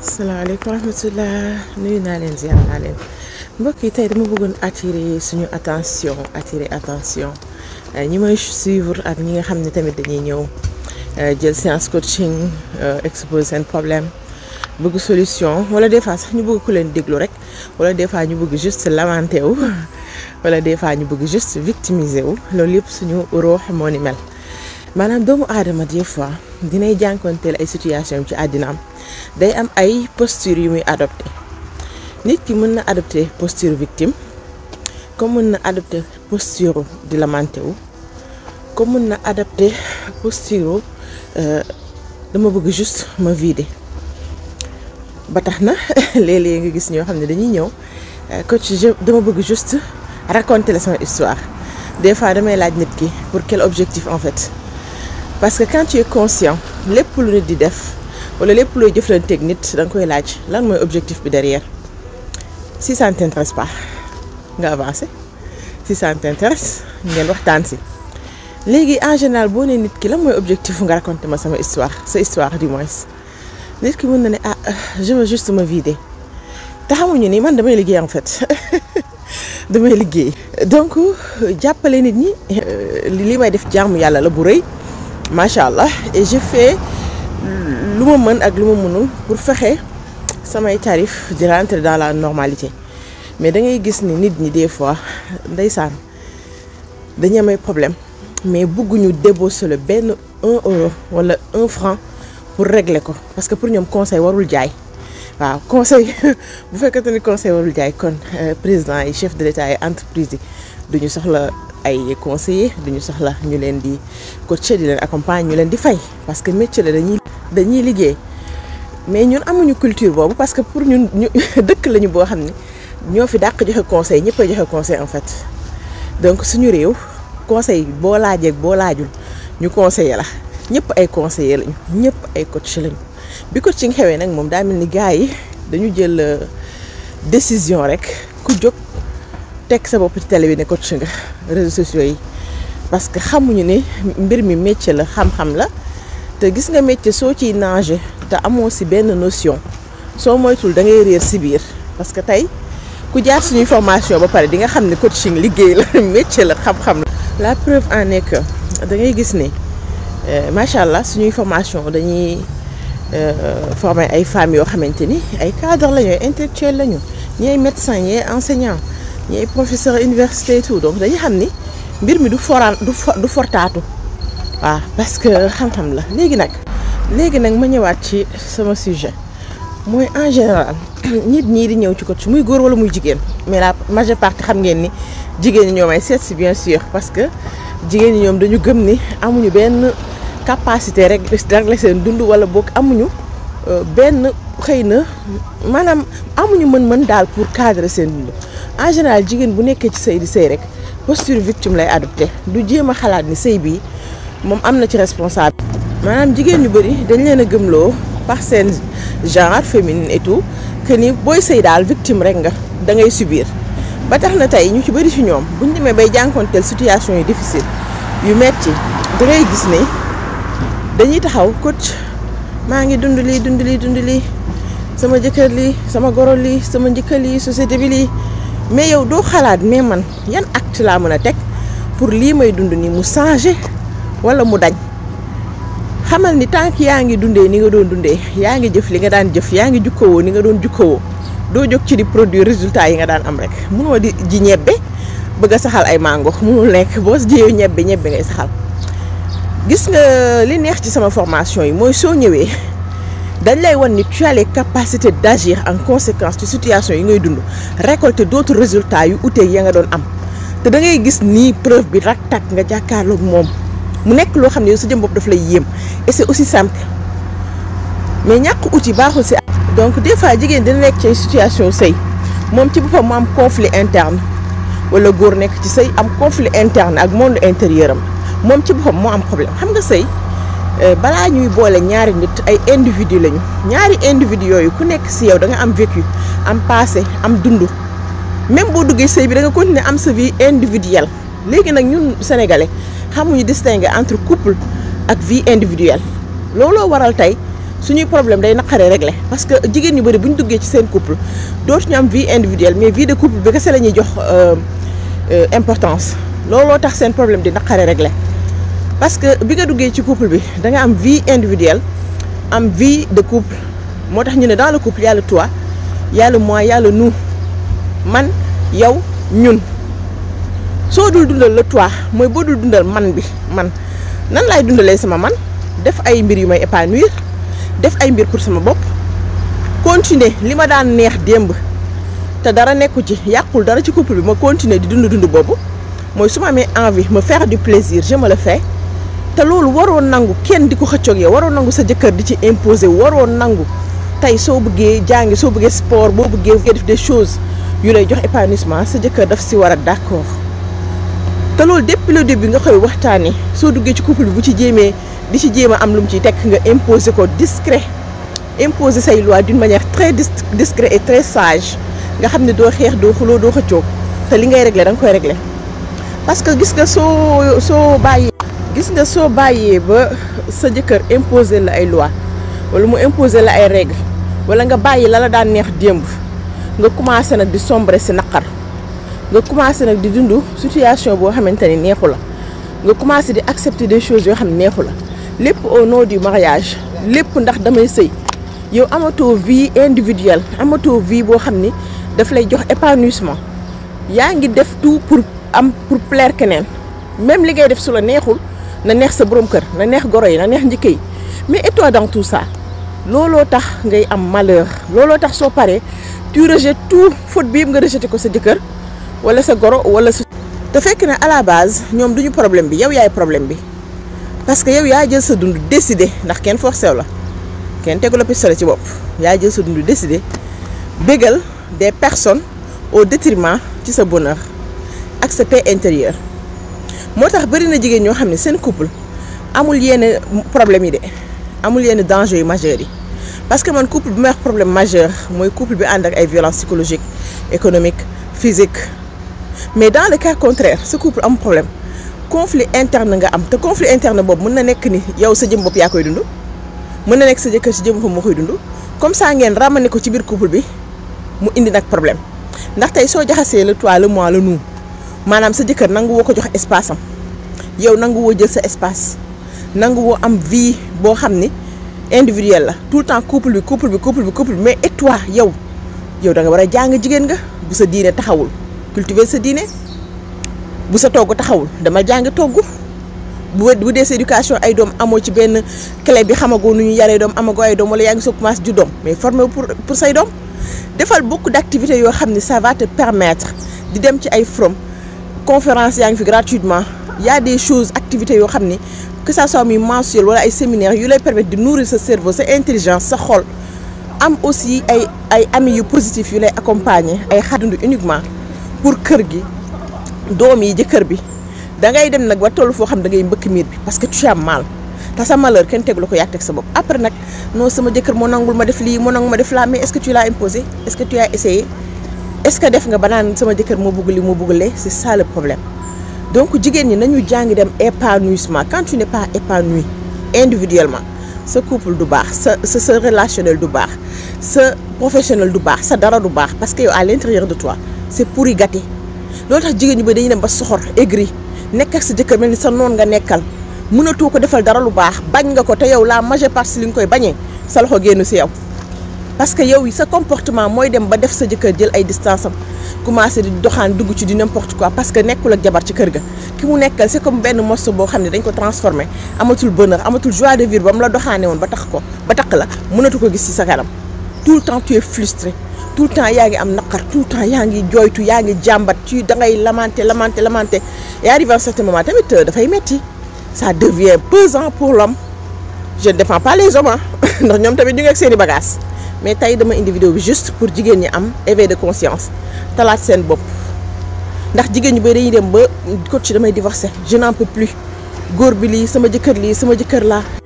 salaamaaleykum wa rahmatulah nuyu naa leen ziar naa leen mbokk yi tey dama bëggoon attirer suñu attention attirer attention euh, ñi may suivre ak ñi nga xam ne tamit dañuy ñëw euh, jël séance coaching euh, exposer seen problème bëgg solution wala des fois sax ñu bëgg ku leen déglu rek wala des fois ñu bëgg just lamenté wu wala des fois ñu bëgg juste victimisé wu loolu yëpp suñu roox moo ni mel maanaam doomu aadama des fois dinay jànkonteel ay situation ci àddina am day am ay posture yu muy adopté nit ki mën na adopté posture victime comme mën na adopté posture di lamenté wu comme mën na adopté posture euh, dama bëgg juste ma vider ba tax na léeg-léeg nga gis ñoo xam ne dañuy ñëw euh, coach je dama bëgg juste raconter la sama histoire des fois damay laaj nit ki pour quel objectif en fait parce que quand tu es conscient lépp lu nit di def wala lépp looy jëflanteeg nit da nga koy laaj lan mooy objectif bi derrière si ça ne t'intéresse nga avancé si ngeen waxtaan si. léegi en général boo nee nit ki lan mooy objectif nga raconté ma sama histoire sa histoire di moins nit ki mën na ne ah je veux juste me vider te ni man damay liggéey en fait damay liggéey. donc jàppale nit ñi euh, li may def jaamu yàlla la bu rëy macha allah et je ma mën ak lu ma mënul pour fexe samay tarif di rentrer dans la normalité mais da gis ni nit ñi des fois ndeysaan dañu amay problème mais bëgguñu débourser benn un euro wala un franc pour régler ko parce que pour ñoom conseil warul jaay waaw conseil bu te ni conseil warul jaay kon euh, président yi chef de l'État yi entreprise yi duñu soxla ay conseillers duñu soxla ñu leen di coacher parce que métier la dañuy dañuy liggéey mais ñun amuñu culture boobu parce que pour ñun ñu dëkk lañu boo xam ne ñoo fi dàq joxe conseil ñëpp a joxe conseil en fait donc suñu réew conseil boo laajee boo laajul ñu conseiller la ñëpp ay conseiller lañu ñëpp ay coach lañu bi coaching xewee nag moom daal mel ni gars yi dañu jël euh, décision rek ku jóg teg sa bopp ci télé bi ne coach nga réseaux sociaux yi parce que xamuñu ni mbir mi métier la xam-xam la. te gis nga métier soo ci nager te amoo si benn notion soo moytul da ngay réer si biir parce que tey ku jaar suñuy formation ba pare di nga xam ne coaching liggéey la métier la xam-xam la. la preuve en nekk que da ngay gis ne euh, macha allah suñuy formation dañuy euh, former ay femmes yoo xamante ni ay cadres lañu ay intellectuels lañu ñi ay médecins ñi ay enseignants ñi ay professeurs université tout donc dañuy xam ni mbir mi du foraan du fortaatu. waaw ah, parce que xam-xam la léegi nag léegi nag ma ñëwaat ci sama sujet mooy en général nit ñii di ñëw ci ko coach muy góor wala muy jigéen mais la majeure partie xam ngeen ni jigéen ñi ñoom ay seet si bien sûr parce que jigéen ñi ñoom dañu gëm ni amuñu benn capacité rek régler seen dund wala boog amuñu euh, benn xëy na maanaam amuñu mën-mën daal pour cadrer seen dund en général jigéen bu nekkee ci sëy di sëy rek posture victime lay adopté du jéem a xalaat ni sëy bii. moom am na ci responsable. maanaam jigéen ñu bëri dañ leen a gëmloo par seen genre féminine et tout que ni booy sëy daal victime rek nga da ngay subir ba tax na tey ñu ci bëri ci ñoom bu ñu demee bay jànkonteel situation yu difficile yu metti da ngay gis ni dañuy taxaw coach maa ngi dund lii dund lii dund lii sama jëkkër lii sama goro lii sama njëkkal lii société bi lii mais yow doo xalaat mais man yan acte laa mën a teg pour lii may dund ni mu changer. wala mu dañ xamal ni tànk yaa ngi dundee ni nga doon dundee yaa ngi jëf li nga daan jëf yaa ngi jukkawoo ni nga doon jukkawoo doo jóg ci di produit résultat yi nga daan am rek mënoo di ji ñebbe bëgg a saxal ay mango mënul nekk boo jiyee ñebbe ñebbe ngay saxal gis nga li neex ci sama formation yi mooy soo ñëwee dañ lay wan ni tu as les capacités d'agir en conséquence ci situation yi ngay dund récolter d'autres résultat yu utee ya nga doon am te da ngay gis nii preuve bi rak tak nga jàkkaarloog moom mu nekk loo xam ne sa jëm bopp daf lay yéem et aussi simple mais ñàkk outil baaxul si donc des fois jigéen dina nekk ci situation sëy moom ci boppam mu am conflit interne wala góor nekk ci sëy am conflit interne ak monde intérieur am moom ci boppam moo am problème xam nga sëy euh, balaa ñuy boole ñaari nit ay individu lañu ñaari individu yooyu ku nekk si yow da nga am vécu am passé am dund même boo duggee sëy bi da nga continuer am sa vie individuelle léegi nag ñun sénégalais xamuñu distinguer entre couple ak vie individuelle looloo waral tey suñuy problème day naqaree régler parce que jigéen ñu bari bu ñu duggee ci seen couple ñu am vie individuelle mais vie de couple bi kese la ñuy jox euh, euh, importance looloo tax seen problème di naqaree régler parce que bi nga duggee ci couple bi danga am vie individuelle am vie de couple moo tax ñu ne dans le couple yàlla a yàlla toi yàlla a man yow ñun soo dul dundal la toi mooy boo dul dundal man bi man nan laay dundalee sama man def ay mbir yu may épanouir def ay mbir pour sama bopp continuer li ma daan neex démb te dara nekku ci yàqul dara ci couple bi ma continuer di dund dund boobu mooy su ma amee envie me faire du plaisir je me le te loolu waroon nangu kenn di ko xëccoog yow waroon nangu sa jëkkër di ci imposer waroon nangu tey soo buggee jàngi soo bëggee sport boo bëggee def de choses yu lay jox épanouissement sa jëkkër daf si war a d'accord te loolu depuis le bi nga koy waxtaanee soo duggee ci couple bu ci jéemee di ci jéem a am lu mu ciy tekk nga imposer ko discret imposer say loi d'une manière très discret et très sage nga xam ne doo xeex doo xuloo doo xëccoo te li ngay régler danga koy régler parce que gis nga soo soo bàyyee. gis nga soo bàyyee ba sa jëkkër imposer la ay loi wala mu imposer la ay règles wala nga bàyyi la la daan neex démb nga commencé na di sombre si naqar. nga commencé nag di dundu situation boo xamante ni neexu la nga commencé di accepté des choses yoo xam ne neexu la lépp au nom di mariage lépp ndax damay sëy yow amatoo vie individuelle amatoo vie boo xam ni daf lay jox épanouissement yaa ngi def tout pour am pour plaire keneen même li ngay def su la neexul na neex sa borom kër na neex goro yi na neex njëkk yi mais et toi dans tout ça looloo tax ngay am malheur looloo tax soo paree tu rejettes tout faute bi nga rejeté ko sa jëkkër wala sa goro wala sa. te fekk ne à la base ñoom duñu problème bi yow yaay problème bi parce que yow yaa jël sa dund décidé ndax kenn forcé la kenn tegu la pistolet ci bopp yaa jël sa dund décidé bégal des personnes au détriment ci sa bonheur ak sa paix intérieure moo tax bëri na jigéen ñoo xam ne seen couple amul yenn problème yi de amul yenn danger yu majeurs yi parce que man couple bi may wax problème majeur mooy couple bi ànd ak ay violence psychologique économique physique mais dans le cas contraire ce couple am problème conflit interne nga am te conflit interne boobu mën na nekk ni yow sa jëm bopp yaa koy dund mën na nekk sa jëkkër si jëm boppam moo koy dund comme ça ngeen ramené ko ci biir couple bi mu indi nag problème ndax tey soo jaxasee le toi le moi le nous maanaam sa jëkkër nangu woo ko jox espace am yow nangu woo jël sa espace nangu woo am vie boo xam ni individuelle la tout le temps couple bi couple bi couple et toi yow yow da nga war jàng jigéen nga bu sa diine taxawul cultiver sa diine bu sa togg taxawul dama jàng togg bu bu dee sa éducation ay doom amoo ci benn clé bi xamagoo nu ñu yaree doom amagoo ay doom wala yaa ngi soo commencé ju doom mais formé pour pour say doom defal bokk d' activités yoo xam ne ça va te permettre di dem ci ay from conférence yaa ngi fi gratuitement y a des choses activités yoo xam ne que ça soit muy mensuel wala ay séminaire yu lay permettre di nourrir sa cerveau sa intelligence sa xol am aussi ay ay amis yu yu lay accompagner ay xarandu uniquement pour kër gi doom yi jëkkër bi da ngay dem nag ba tollu foo xam da ngay mbëkk miir bi parce que tu as mal te sa malheur kenn teg la ko yaa teg sa bopp après nag non sama jëkkër moo nangul ma def lii moo nangu ma def laa mais est-ce que tu l'as imposé est-ce que tu as essayé est-ce que def nga ba naan sama jëkkër moo bëgg lii moo bëgg lee c'est ça le problème donc jigéen ñi nañu jàngi dem épanouissement quand tu n'es pas épanoui individuellement sa couple du baax sa sa sa relationnel du baax sa professionnel du baax sa dara du baax parce que à l'intérieur de toi c'est pourri gâté loolu tax jigéen ñu ba dañuy dem ba soxor aigri nekk ak sa jëkkër mel ni sa noon nga nekkal mënatoo ko defal dara lu baax bañ nga ko te yow la majeure partie li ñu koy bañee sa loxo génn si yow. parce que yow yi sa comportement mooy dem ba def sa jëkkër jël ay distance am commencé di doxaan dugg ci di n'importe quoi parce que nekkul ak jabar ci kër ga ki mu nekkal c'est comme benn morceau boo xam ne dañ ko transformé amatul bonheur amatul joie de vivre ba mu la doxaane woon ba tax ko ba tax la mënatu ko gis ci sa kanam tout le temps tu tout le temps yaa ngi am naqar tout le temps yaa ngi jooytu yaa ngi jàmbat ci dangay ngay lamenté lamenté lamenté et arrivé à un certain moment tamit euh, dafay metti ça devient pesant pour l'homme je ne défends pas les hommes ndax ñoom tamit ñu ngi ak seen i bagages mais tey dama indi bi juste pour jigéen ñi am éveil de conscience talaat seen bopp ndax jigéen ñu bëri dañuy dem ba ci damay divorcer je n'en peux plus góor bi lii sama jëkkër lii sama jëkkër laa